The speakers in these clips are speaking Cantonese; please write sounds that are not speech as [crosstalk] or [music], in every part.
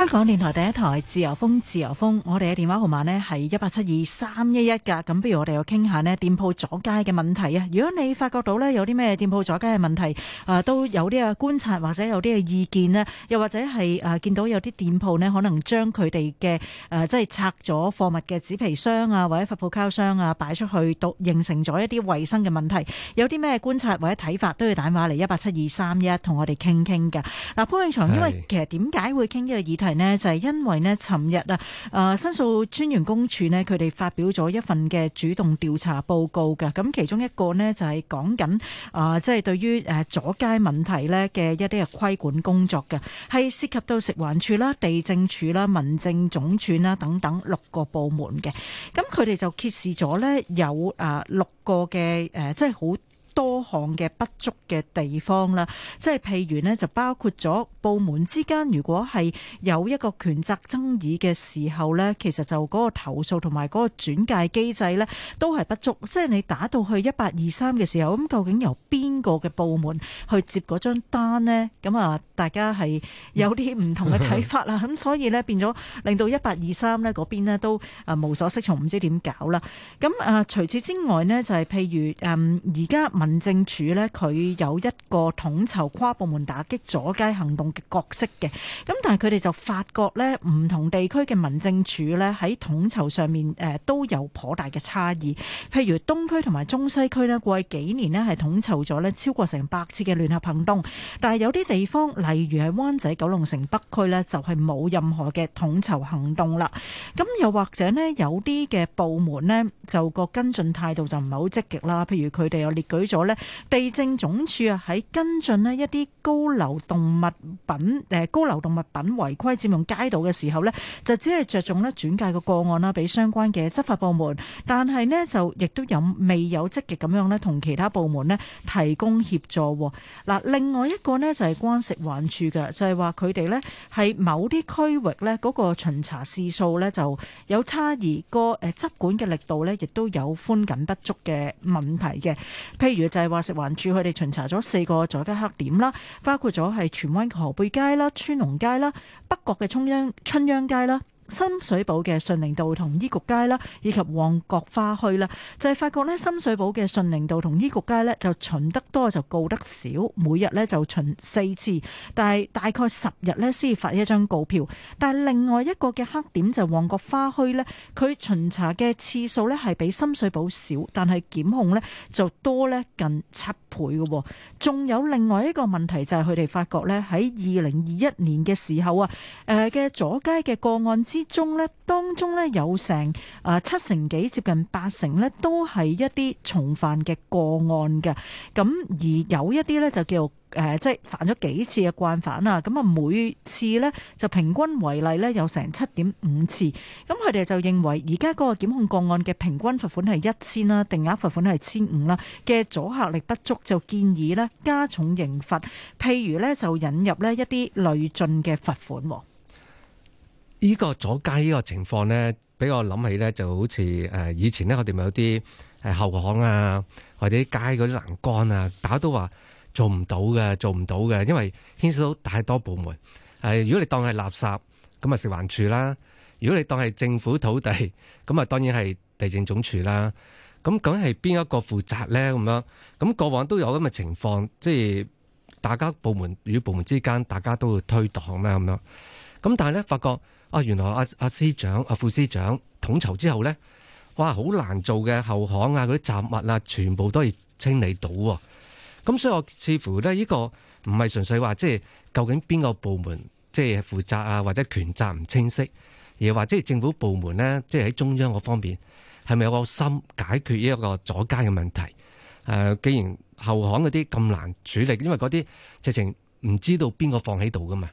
香港電台第一台自由風，自由風，我哋嘅電話號碼咧係一八七二三一一噶。咁不如我哋又傾下咧店鋪阻街嘅問題啊！如果你發覺到咧有啲咩店鋪阻街嘅問題，啊、呃、都有啲嘅觀察或者有啲嘅意見咧，又或者係啊、呃、見到有啲店鋪咧可能將佢哋嘅誒即係拆咗貨物嘅紙皮箱啊或者發泡膠箱啊擺出去，到形成咗一啲衛生嘅問題，有啲咩觀察或者睇法都要打電話嚟一八七二三一，同我哋傾傾噶。嗱潘永祥，因為其實點解會傾呢個議題？就係因為咧，尋日啊，申訴專員公署呢佢哋發表咗一份嘅主動調查報告嘅。咁其中一個呢，就係講緊啊，即係對於誒阻街問題呢嘅一啲嘅規管工作嘅，係涉及到食環署啦、地政處啦、民政總署啦等等六個部門嘅。咁佢哋就揭示咗呢有六個嘅誒，即係好。多項嘅不足嘅地方啦，即係譬如呢，就包括咗部門之間，如果係有一個權責爭議嘅時候呢，其實就嗰個投訴同埋嗰個轉介機制呢，都係不足。即係你打到去一八二三嘅時候，咁究竟由邊個嘅部門去接嗰張單呢？咁啊，大家係有啲唔同嘅睇法啦。咁 [laughs] 所以呢，變咗令到一八二三呢嗰邊呢都啊無所適從，唔知點搞啦。咁啊除此之外呢，就係、是、譬如誒而家。民政處呢，佢有一個統籌跨部門打擊阻街行動嘅角色嘅。咁但係佢哋就發覺呢，唔同地區嘅民政處呢喺統籌上面誒都有頗大嘅差異。譬如東區同埋中西區呢，過去幾年呢係統籌咗呢超過成百次嘅聯合行動。但係有啲地方，例如係灣仔、九龍城、北區呢，就係冇任何嘅統籌行動啦。咁又或者呢，有啲嘅部門呢，就個跟進態度就唔係好積極啦。譬如佢哋有列舉咗呢，地政總署啊，喺跟進呢一啲高流動物品，誒高流動物品違規佔用街道嘅時候呢，就只係着重呢轉介個個案啦，俾相關嘅執法部門。但係呢，就亦都有未有積極咁樣呢同其他部門呢提供協助。嗱，另外一個呢，就係關食環署嘅，就係話佢哋呢喺某啲區域呢嗰個巡查次數呢就有差異，個誒執管嘅力度呢，亦都有寬緊不足嘅問題嘅，譬如。就係話食環署佢哋巡查咗四個阻街黑點啦，包括咗係荃灣河背街啦、川龍街啦、北角嘅春秧春秧街啦、深水埗嘅順寧道同醫局街啦，以及旺角花墟啦，就係、是、發覺咧，深水埗嘅順寧道同醫局街咧就巡得多就告得少，每日咧就巡四次，但係大概十日咧先發一張告票。但係另外一個嘅黑點就係旺角花墟咧，佢巡查嘅次數咧係比深水埗少，但係檢控咧就多咧近七倍嘅。仲有另外一個問題就係佢哋發覺咧，喺二零二一年嘅時候啊，誒、呃、嘅阻街嘅個案之之中呢，當中呢，有成啊七成幾，接近八成呢，都係一啲重犯嘅個案嘅。咁而有一啲呢，就叫誒，即係犯咗幾次嘅慣犯啊。咁啊，每次呢，就平均為例呢，有成七點五次。咁佢哋就認為而家嗰個檢控個案嘅平均罰款係一千啦，定額罰款係千五啦嘅阻吓力不足，就建議呢，加重刑罰，譬如呢，就引入呢一啲累進嘅罰款。呢個阻街呢個情況呢，俾我諗起呢就好似以前呢，我哋咪有啲誒後巷啊，或者街嗰啲欄杆啊，大家都話做唔到嘅，做唔到嘅，因為牽涉到太多部門。如果你當係垃圾咁啊，就食環署啦；如果你當係政府土地咁啊，就當然係地政總署啦。咁梗係邊一個負責呢？咁樣咁過往都有咁嘅情況，即係大家部門與部門之間，大家都會推擋啦。咁樣咁，但係呢，發覺。啊！原來阿、啊、阿、啊、司長、阿、啊、副司長統籌之後咧，哇！好難做嘅後巷啊，嗰啲雜物啊，全部都要清理到喎、哦。咁所以我似乎咧，呢、呢個唔係純粹話即係究竟邊個部門即係、即係、負責啊，或者權責唔清晰，而話即係政府部門咧，即係喺中央嗰方面，係咪有個心解決呢一個阻街嘅問題？誒、啊，既然後巷嗰啲咁難處理，因為嗰啲直情唔知道邊個放喺度㗎嘛。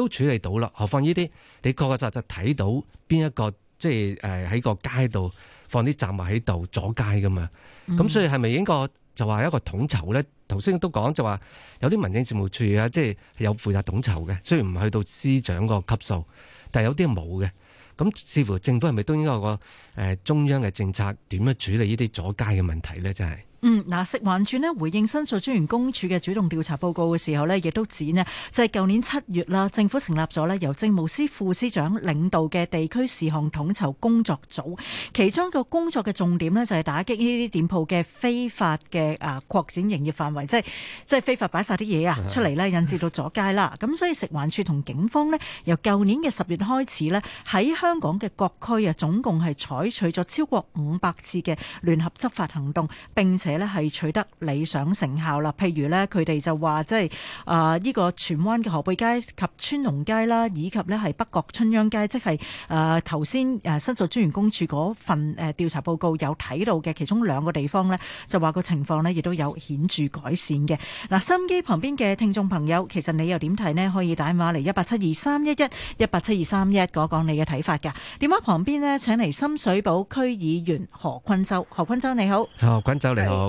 都處理到啦，何況呢啲你確確實實睇到邊一個即係誒喺個街度放啲雜物喺度阻街噶嘛？咁、嗯、所以係咪應該就話一個統籌咧？頭先都講就話有啲民政事務處啊，即係有負責統籌嘅，雖然唔去到司長個級數，但係有啲冇嘅。咁似乎政府係咪都應該有個誒、呃、中央嘅政策點樣處理呢啲阻街嘅問題咧？真係。嗯，嗱，食環署咧回應申訴專員公署嘅主動調查報告嘅時候咧，亦都指咧就係、是、舊年七月啦，政府成立咗咧由政務司副司長領導嘅地區事項統籌工作組，其中個工作嘅重點咧就係打擊呢啲店鋪嘅非法嘅啊擴展營業範圍，即係即係非法擺晒啲嘢啊出嚟咧，引致到阻街啦。咁 [laughs] 所以食環署同警方咧由舊年嘅十月開始咧喺香港嘅各區啊，總共係採取咗超過五百次嘅聯合執法行動，並且。咧係取得理想成效啦，譬如呢，佢哋就話，即係啊呢個荃灣嘅河背街及川龍街啦，以及呢係北角春秧街，即係誒頭先誒申訴專員公署嗰份誒、呃、調查報告有睇到嘅其中兩個地方呢，就話個情況呢亦都有顯著改善嘅。嗱、呃，收音機旁邊嘅聽眾朋友，其實你又點睇呢？可以打電話嚟一八七二三一一一八七二三一，講講你嘅睇法。嘅電話旁邊呢，請嚟深水埗區議員何坤洲。何坤洲你好，何坤洲你好。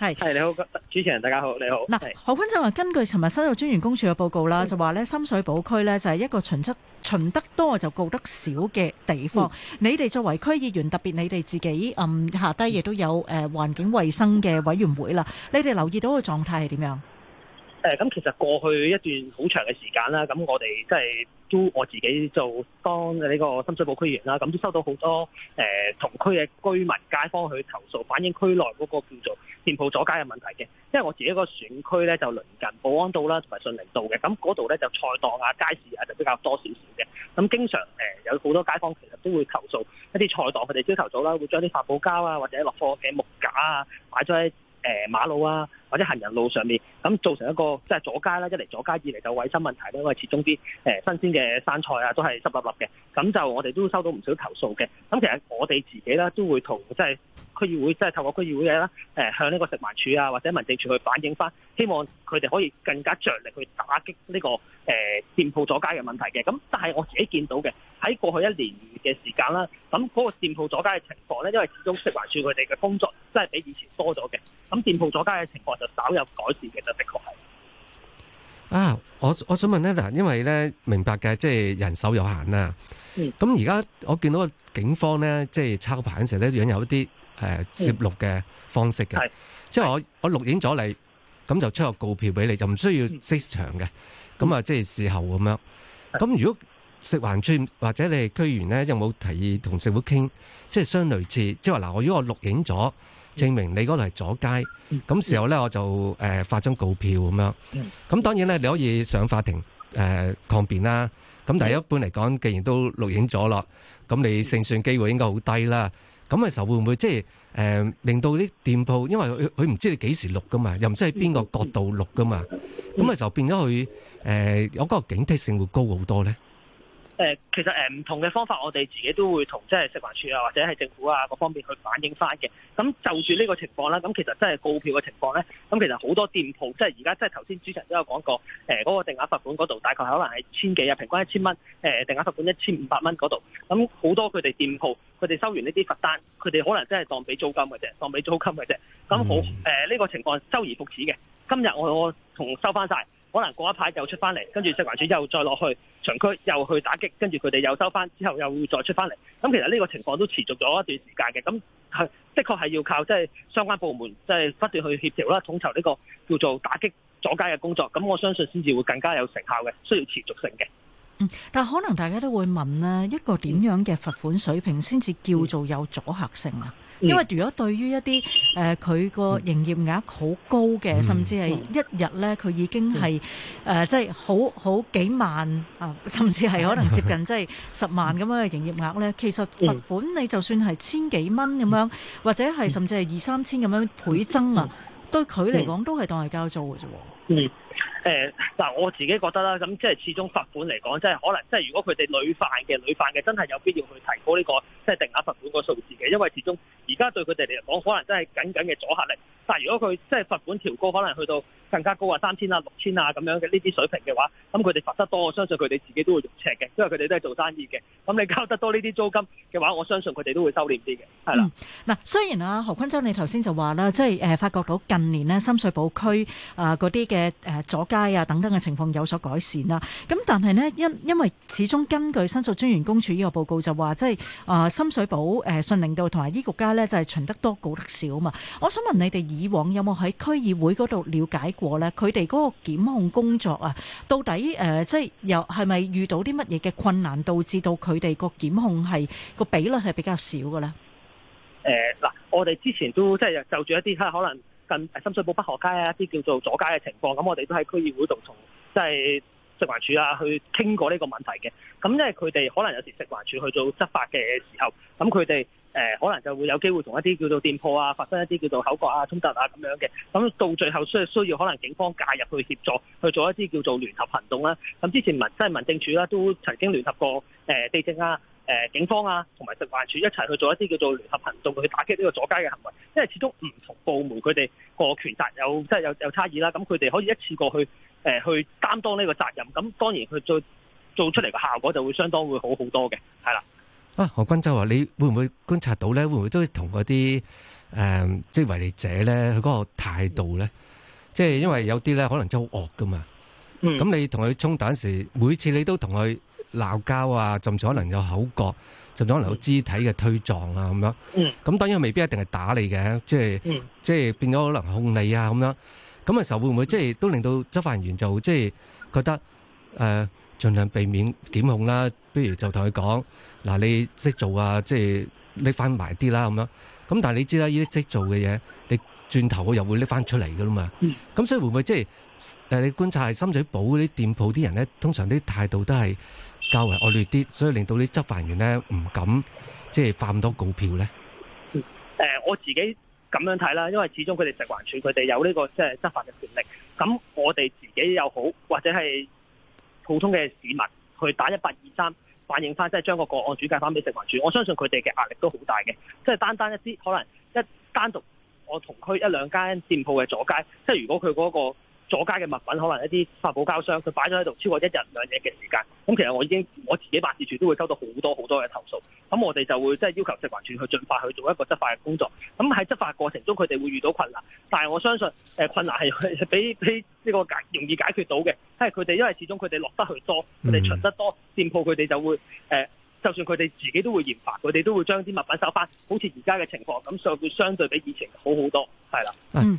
係，係你好，主持人，大家好，你好。嗱，何坤就話根據尋日收到專員公署嘅報告啦、嗯，就話咧深水埗區咧就係一個巡得巡得多就告得少嘅地方。嗯、你哋作為區議員，特別你哋自己暗、嗯、下低亦都有誒、呃、環境衞生嘅委員會啦、嗯，你哋留意到個狀態係點樣？誒、呃，咁其實過去一段好長嘅時間啦，咁我哋即係。都我自己就當呢個深水埗區議員啦，咁都收到好多誒、呃、同區嘅居民街坊去投訴，反映區內嗰個叫做店鋪阻街嘅問題嘅。因為我自己嗰個選區咧就鄰近保安道啦，同埋順寧道嘅，咁嗰度咧就菜檔啊、街市啊就比較多少少嘅。咁經常誒、呃、有好多街坊其實都會投訴一啲菜檔，佢哋朝頭早啦會將啲發泡膠啊或者落貨嘅木架啊擺咗喺誒馬路啊，或者行人路上面，咁造成一個即係、就是、阻街啦，一嚟阻街，二嚟就衞生問題咧，因為始終啲誒、呃、新鮮嘅生菜啊，都係濕粒粒嘅，咁就我哋都收到唔少投訴嘅。咁其實我哋自己啦，都會同即係區議會，即、就、係、是、透過區議會嘅啦、呃，向呢個食環署啊或者民政處去反映翻，希望佢哋可以更加着力去打擊呢、這個誒、呃、店鋪阻街嘅問題嘅。咁但係我自己見到嘅喺過去一年嘅時間啦，咁嗰個店鋪阻街嘅情況咧，因為始終食環署佢哋嘅工作真係比以前多咗嘅。咁店鋪阻街嘅情況就稍有改善，其實的確係啊！我我想問咧嗱，因為咧明白嘅，即係人手有限啦。嗯。咁而家我見到個警方咧，即係抄牌嘅時候咧，有一啲誒攝錄嘅方式嘅。係。即係我我錄影咗你，咁就出個告票俾你，就唔需要即場嘅。咁啊，即係事後咁樣。係。咁如果食環處或者你哋區議員咧，有冇提議同政府傾？即係相類似，即係話嗱，我如果我錄影咗。證明你嗰度係阻街，咁時候咧我就誒發張告票咁樣。咁當然咧你可以上法庭誒抗辯啦。咁但係一般嚟講，既然都錄影咗咯，咁你勝算機會應該好低啦。咁嘅時候會唔會即係誒令到啲店鋪，因為佢佢唔知你幾時錄噶嘛，又唔知喺邊個角度錄噶嘛，咁啊就變咗佢誒有嗰個警惕性會高好多咧。誒，其實誒唔同嘅方法，我哋自己都會同即係食環署啊，或者係政府啊各方面去反映翻嘅。咁就住呢個情況啦，咁其實真係告票嘅情況咧，咁其實好多店鋪，即係而家即係頭先主持人都有講過，誒、那、嗰個定額罰款嗰度，大概係可能係千幾啊，平均一千蚊，誒定額罰款一千五百蚊嗰度，咁好多佢哋店鋪，佢哋收完呢啲罰單，佢哋可能真係當俾租金嘅啫，當俾租金嘅啫。咁好，誒、嗯、呢、呃呢個情況周而復始嘅，今日我我同收翻晒。可能過一排又出翻嚟，跟住食環署又再落去場區又去打擊，跟住佢哋又收翻，之後又再出翻嚟。咁其實呢個情況都持續咗一段時間嘅。咁係的確係要靠即係相關部門即係不斷去協調啦，統籌呢個叫做打擊阻街嘅工作。咁我相信先至會更加有成效嘅，需要持續性嘅。嗯，但可能大家都會問一個點樣嘅罰款水平先至叫做有阻嚇性啊？嗯因為如果對於一啲誒佢個營業額好高嘅，嗯，甚至係一日咧佢已經係誒即係好好幾萬啊，甚至係可能接近即係十萬咁樣嘅營業額咧，嗯，其實罰款你就算係千幾蚊咁樣，嗯，或者係甚至係二三千咁樣倍增啊，嗯，對佢嚟講都係當係交租嘅啫。嗯，誒、呃、嗱，我自己覺得啦，咁即係始終罰款嚟講，即係可能，即係如果佢哋累犯嘅累犯嘅，的真係有必要去提高呢、這個即係定額罰款個數字嘅，因為始終而家對佢哋嚟講，可能真係僅僅嘅阻嚇力。但係如果佢即係罰款調高，可能去到更加高啊，三千啊、六千啊咁樣嘅呢啲水平嘅話，咁佢哋罰得多，我相信佢哋自己都會肉赤嘅，因為佢哋都係做生意嘅。咁你交得多呢啲租金嘅話，我相信佢哋都會收斂啲嘅，係啦。嗱、嗯呃，雖然啊何坤洲你頭先就話啦，即係誒發覺到近年呢，深水埗區啊嗰啲嘅，呃嘅誒阻街啊等等嘅情況有所改善啦，咁但係呢，因因為始終根據申訴專員公署呢個報告就話，即係啊深水埗誒順寧道同埋醫局街呢，就係、是、巡得多告得少啊嘛。我想問你哋以往有冇喺區議會嗰度了解過呢？佢哋嗰個檢控工作啊，到底誒即係又係咪遇到啲乜嘢嘅困難導致到佢哋個檢控係個比率係比較少嘅咧？誒、呃、嗱，我哋之前都即係就住、是、一啲可能。深水埗北河街啊，一啲叫做阻街嘅情況，咁我哋都喺區議會度同即係食環署啊去傾過呢個問題嘅。咁因為佢哋可能有時食環署去做執法嘅時候，咁佢哋誒可能就會有機會同一啲叫做店鋪啊發生一啲叫做口角啊、衝突啊咁樣嘅。咁到最後需需要可能警方介入去協助去做一啲叫做聯合行動啦、啊。咁之前民即係、就是、民政署啦、啊、都曾經聯合過誒、呃、地政啊。誒警方啊，同埋食環署一齊去做一啲叫做聯合行動去打擊呢個阻街嘅行為，因為始終唔同部門佢哋個權責有即係有有差異啦，咁佢哋可以一次過去誒、呃、去擔當呢個責任，咁當然佢做做出嚟嘅效果就會相當會好好多嘅，係啦。啊，何坤洲就話、啊：你會唔會觀察到咧，會唔會都同嗰啲誒即係違例者咧，佢嗰個態度咧，即、嗯、係因為有啲咧可能真係好惡噶嘛。嗯。咁你同佢衝蛋時，每次你都同佢。鬧交啊，甚至可能有口角，甚至可能有肢體嘅推撞啊，咁樣。咁當然未必一定係打你嘅，即係、嗯、即係變咗可能控你啊，咁樣。咁嘅時候會唔會即係都令到執法人員就即係覺得誒，儘、呃、量避免檢控啦。不如就同佢講嗱，你識做啊，即係拎翻埋啲啦，咁樣。咁但係你知啦，呢啲識做嘅嘢，你轉頭又會拎翻出嚟㗎嘛。咁所以會唔會即係誒、呃，你觀察係深水埗嗰啲店鋪啲人咧，通常啲態度都係較為惡劣啲，所以令到啲執法人員咧唔敢即係發咁多告票咧。誒、嗯，我自己咁樣睇啦，因為始終佢哋食環署佢哋有呢、這個即係執法嘅權力。咁我哋自己又好，或者係普通嘅市民去打一八二三反映翻，即係將個個案轉介翻俾食環署。我相信佢哋嘅壓力都好大嘅。即係單單一啲可能一單獨我同區一兩間店鋪嘅阻街，即係如果佢嗰、那個。阻街嘅物品，可能一啲發泡膠箱，佢擺咗喺度超過一日兩日嘅時間。咁其實我已經我自己辦事處都會收到好多好多嘅投訴，咁我哋就會即係要求食環署去盡快去做一個執法嘅工作。咁喺執法過程中，佢哋會遇到困難，但係我相信、呃、困難係比比呢個解容易解決到嘅，因為佢哋因為始終佢哋落得去多，佢哋巡得多店鋪，佢哋就會、呃、就算佢哋自己都會研發佢哋都會將啲物品收翻。好似而家嘅情況咁，相對相對比以前好好多，係啦。嗯。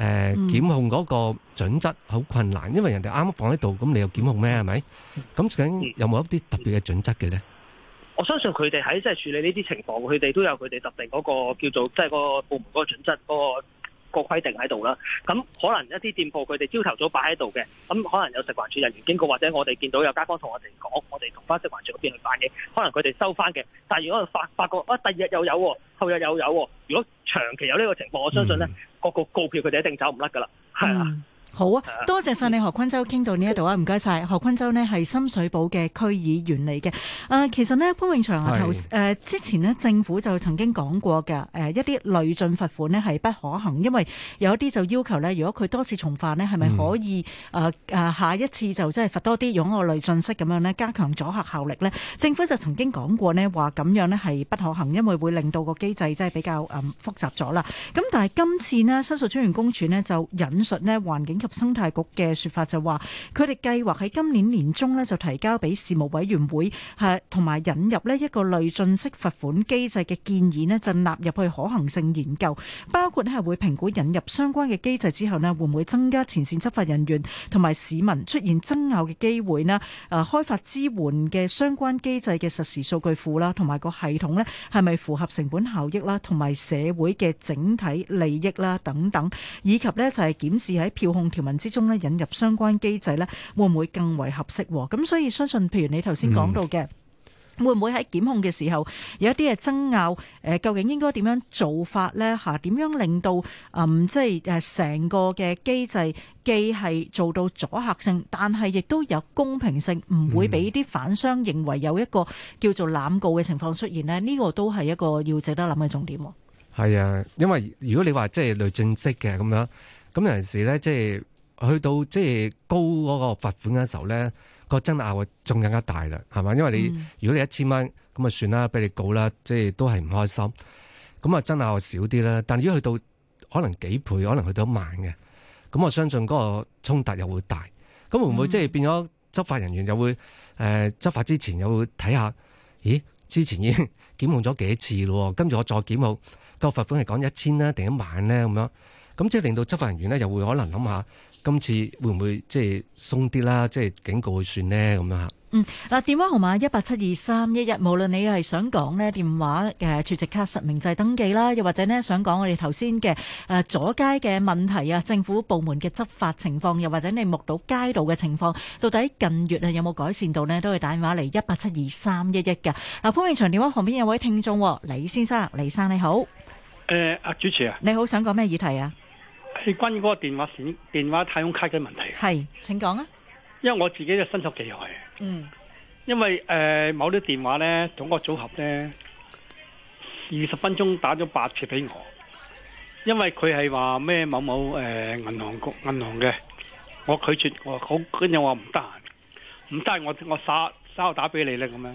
誒、嗯、檢控嗰個準則好困難，因為人哋啱啱放喺度，咁你又檢控咩，係咪？咁究竟有冇一啲特別嘅準則嘅咧、嗯嗯？我相信佢哋喺即係處理呢啲情況，佢哋都有佢哋特定嗰個叫做即係、就是、個部門嗰個準則嗰、那個。個規定喺度啦，咁可能一啲店鋪佢哋朝頭早擺喺度嘅，咁可能有食環署人員經過，或者我哋見到有街坊同我哋講，我哋同返食環署嗰邊去辦嘢，可能佢哋收翻嘅。但如果發發覺啊，第二日又有，後日又有，如果長期有呢個情況，我相信呢個、嗯、個告票佢哋一定走唔甩噶啦，係啊。嗯好啊，多謝晒你何坤洲傾到呢一度啊，唔該晒。何坤洲呢係深水埗嘅區議員嚟嘅。誒、呃，其實呢，潘永祥啊，頭誒之前呢，政府就曾經講過嘅，誒、呃、一啲累進罰款呢係不可行，因為有一啲就要求呢，如果佢多次重犯呢，係咪可以誒、嗯呃、下一次就即係罰多啲，用個累進式咁樣呢？加強阻嚇效力呢？政府就曾經講過呢，話咁樣呢係不可行，因為會令到個機制即係比較誒複雜咗啦。咁但係今次呢，申訴專員公署呢，就引述呢環境。及生態局嘅説法就話，佢哋計劃喺今年年中呢就提交俾事務委員會，係同埋引入呢一個累進式罰款機制嘅建議呢就納入去可行性研究，包括呢係會評估引入相關嘅機制之後呢會唔會增加前線執法人員同埋市民出現爭拗嘅機會呢？誒、啊，開發支援嘅相關機制嘅實時數據庫啦，同埋個系統呢係咪符合成本效益啦，同埋社會嘅整體利益啦等等，以及呢就係、是、檢視喺票控條文之中咧引入相關機制咧，會唔會更為合適？咁所以相信，譬如你頭先講到嘅、嗯，會唔會喺檢控嘅時候有一啲嘅爭拗？誒、呃，究竟應該點樣做法咧？嚇、啊，點樣令到嗯，即係誒成個嘅機制既係做到阻嚇性，但係亦都有公平性，唔會俾啲反商認為有一個叫做濫告嘅情況出現呢？呢、嗯這個都係一個要值得諗嘅重點。係啊，因為如果你話即係累進式嘅咁樣。咁有陣時咧，即係去到即係高嗰個罰款嘅時候咧，個爭拗會仲更加大啦，係嘛？因為你如果你一千蚊咁啊，就算啦，俾你告啦，即係都係唔開心。咁啊，爭拗少啲啦。但如果去到可能幾倍，可能去到一萬嘅，咁我相信嗰個衝突又會大。咁會唔會即係變咗執法人員又會誒執、呃、法之前又會睇下？咦，之前已經檢控咗幾次喎。跟住我再檢控、個罰款係講一千啦，定一萬咧咁樣？咁即係令到執法人員呢，又會可能諗下今次會唔會即係鬆啲啦？即係警告佢算呢？咁樣嚇。嗯，嗱，電話號碼一八七二三一一，無論你係想講呢電話嘅儲值卡實名制登記啦，又或者呢想講我哋頭先嘅誒阻街嘅問題啊，政府部門嘅執法情況，又或者你目睹街道嘅情況，到底近月啊有冇改善到呢？都可以打電話嚟一八七二三一一嘅。嗱、呃，歡迎長電話旁邊有位聽眾，李先生，李生你好。誒，阿主持啊。你、嗯、好，想講咩議題啊？係關於嗰個電話太空卡嘅問題，請講啊。因為我自己嘅身手幾害嗯，因為、呃、某啲電話咧，總個組合咧，二十分鐘打咗八次俾我。因為佢係話咩某某誒銀、呃、行局銀行嘅，我拒絕我好，跟住我話唔得閒，唔得閒我我稍稍打俾你咧咁樣，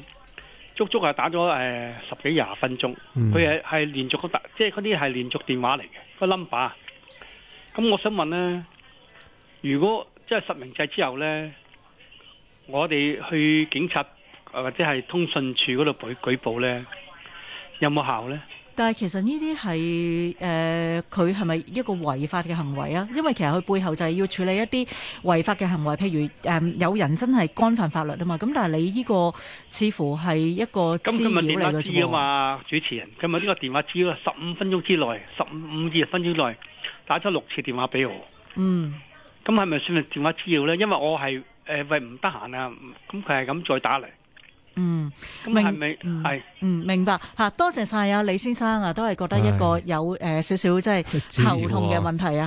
足足係打咗十、呃、幾廿分鐘。佢係係連續個打，即係嗰啲係連續電話嚟嘅個 number。咁我想問呢，如果即係實名制之後呢，我哋去警察或者係通訊處嗰度舉舉報咧，有冇效呢？但係其實呢啲係誒，佢係咪一個違法嘅行為啊？因為其實佢背後就係要處理一啲違法嘅行為，譬如誒、嗯、有人真係干犯法律啊嘛。咁但係你呢個似乎係一個干擾嚟嘅。咁佢問呢個電話，主持人今日呢個電話，只要十五分鐘之內，十五至二十分鐘之內。打咗六次電話俾我，嗯，咁係咪算係電話騷擾咧？因為我係誒，喂唔得閒啊，咁佢係咁再打嚟，嗯，咁係咪係嗯明白吓？多謝晒啊，李先生啊，都係覺得一個有誒少少即係頭痛嘅問題啊。